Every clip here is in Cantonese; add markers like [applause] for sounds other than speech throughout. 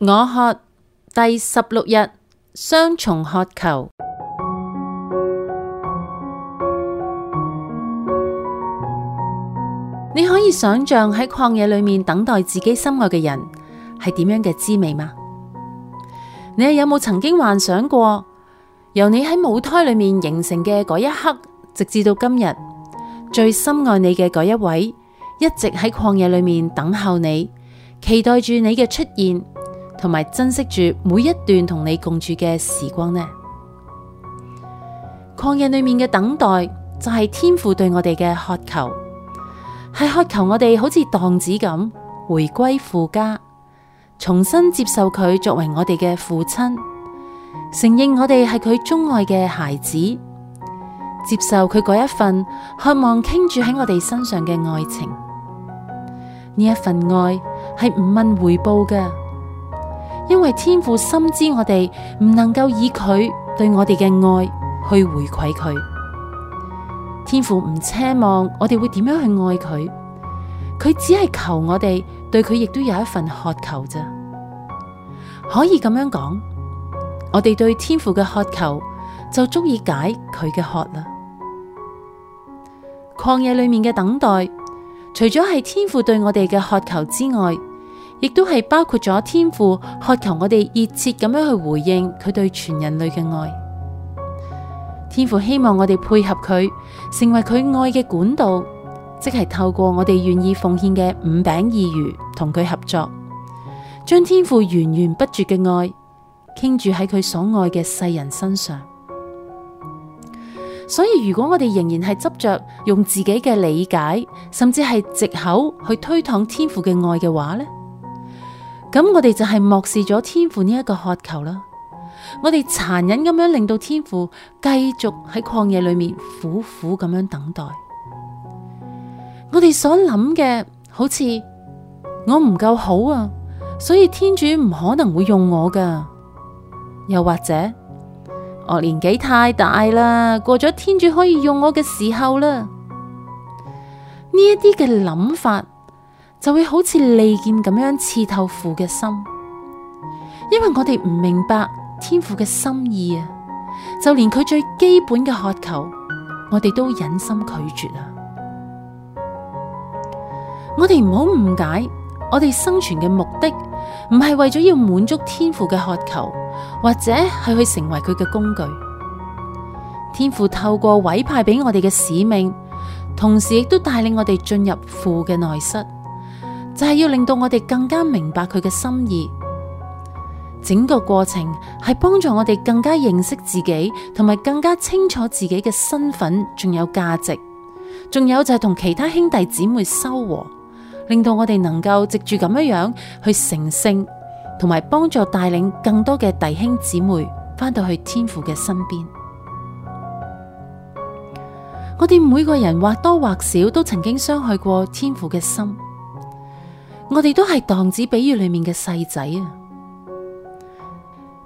我渴第十六日雙重渴求，你可以想象喺曠野裏面等待自己心愛嘅人係點樣嘅滋味嗎？你有冇曾經幻想過，由你喺母胎裏面形成嘅嗰一刻，直至到今日最深愛你嘅嗰一位一直喺曠野裏面等候你，期待住你嘅出現。同埋珍惜住每一段同你共處嘅時光呢？曠野裏面嘅等待就係、是、天父對我哋嘅渴求，係渴求我哋好似蕩子咁回歸父家，重新接受佢作為我哋嘅父親，承認我哋係佢鍾愛嘅孩子，接受佢嗰一份渴望傾注喺我哋身上嘅愛情。呢一份愛係唔問回報嘅。因為天父深知我哋唔能夠以佢對我哋嘅愛去回饋佢，天父唔奢望我哋會點樣去愛佢，佢只係求我哋對佢亦都有一份渴求咋。可以咁樣講，我哋對天父嘅渴求就足以解佢嘅渴啦。曠野裏面嘅等待，除咗係天父對我哋嘅渴求之外，亦都係包括咗天父渴求我哋熱切咁樣去回應佢對全人類嘅愛。天父希望我哋配合佢，成為佢愛嘅管道，即係透過我哋願意奉獻嘅五餅二魚同佢合作，將天父源源不絕嘅愛傾注喺佢所愛嘅世人身上。所以，如果我哋仍然係執着用自己嘅理解，甚至係借口去推搪天父嘅愛嘅話咧？咁我哋就係漠視咗天父呢一個渴求啦，我哋殘忍咁樣令到天父繼續喺曠野裏面苦苦咁樣等待我想。我哋所諗嘅好似我唔夠好啊，所以天主唔可能會用我噶。又或者我年紀太大啦，過咗天主可以用我嘅時候啦。呢一啲嘅諗法，就會好似利劍咁樣刺透父嘅心，因為我哋唔明白天父嘅心意啊，就連佢最基本嘅渴求，我哋都忍心拒絕啊。我哋唔好誤解，我哋生存嘅目的唔係為咗要滿足天父嘅渴求，或者係去成為佢嘅工具。天父透過委派俾我哋嘅使命，同時亦都帶領我哋進入父嘅內室。就係要令到我哋更加明白佢嘅心意，整個過程係幫助我哋更加認識自己，同埋更加清楚自己嘅身份，仲有價值，仲有就係同其他兄弟姊妹修和，令到我哋能夠藉住咁樣樣去成聖，同埋幫助帶領更多嘅弟兄姊妹翻到去天父嘅身邊。 [noise] 我哋每個人或多或少都曾經傷害過天父嘅心。我哋都係蕩子比喻裏面嘅細仔啊！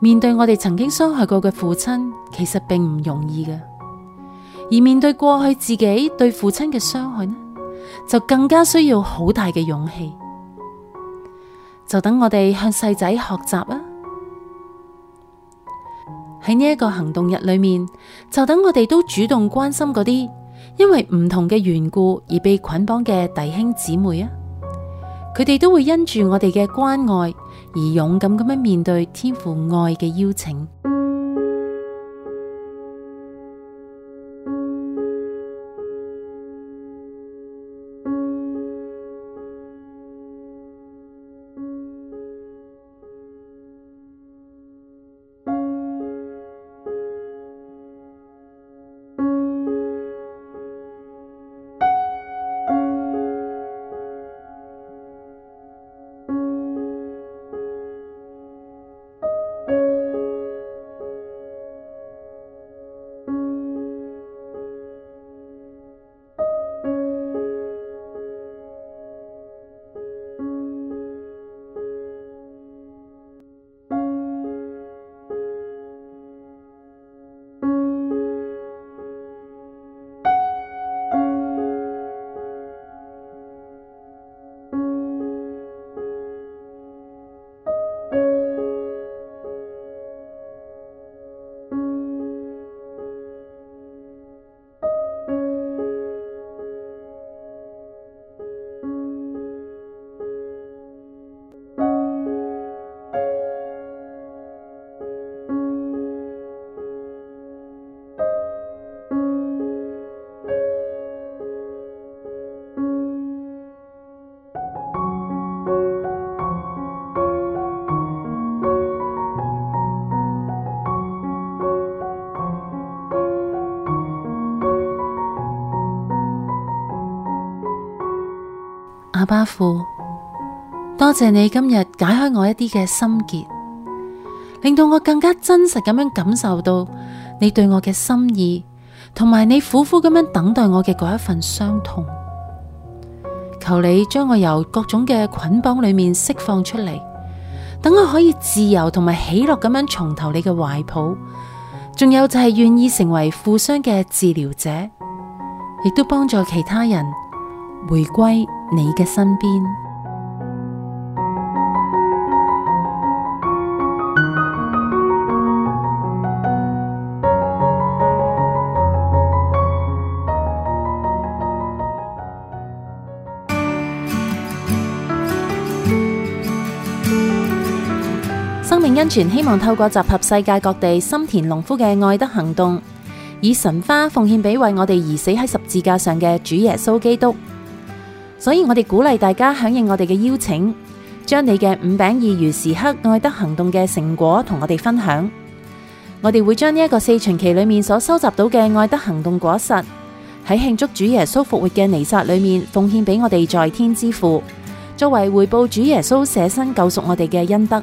面對我哋曾經傷害過嘅父親，其實並唔容易嘅；而面對過去自己對父親嘅傷害呢，就更加需要好大嘅勇氣。就等我哋向細仔學習啊！喺呢一個行動日裏面，就等我哋都主動關心嗰啲因為唔同嘅緣故而被捆綁嘅弟兄姊妹啊！佢哋都會因著我哋嘅關愛而勇敢咁樣面對天父愛嘅邀請。阿爸父，多謝你今日解開我一啲嘅心結，令到我更加真實咁樣感受到你對我嘅心意，同埋你苦苦咁樣等待我嘅嗰一份傷痛。求你將我由各種嘅捆綁裏面釋放出嚟，等我可以自由同埋喜樂咁樣重投你嘅懷抱。仲有就係願意成為負傷嘅治療者，亦都幫助其他人回歸你嘅身邊。生命恩泉希望透過集合世界各地心田農夫嘅愛德行動，以神花奉獻俾為我哋而死喺十字架上嘅主耶穌基督。所以我哋鼓勵大家響應我哋嘅邀請，將你嘅五餅二魚時刻愛德行動嘅成果同我哋分享。我哋會將呢一個四旬期裏面所收集到嘅愛德行動果實，喺慶祝主耶穌復活嘅彌撒裏面奉獻俾我哋在天之父，作為回報主耶穌捨身救贖我哋嘅恩德。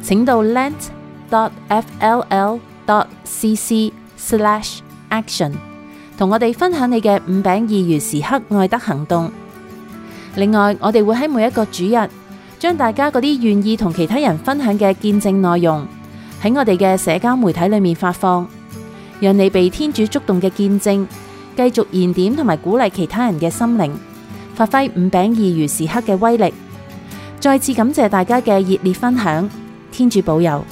請到 lent.fll.cc/action 同我哋分享你嘅五餅二魚時刻愛德行動。另外，我哋會喺每一個主日，將大家嗰啲願意同其他人分享嘅見證內容，喺我哋嘅社交媒體裏面發放，讓你被天主觸動嘅見證，繼續燃點同埋鼓勵其他人嘅心靈，發揮五餅二魚時刻嘅威力。再次感謝大家嘅熱烈分享，天主保佑。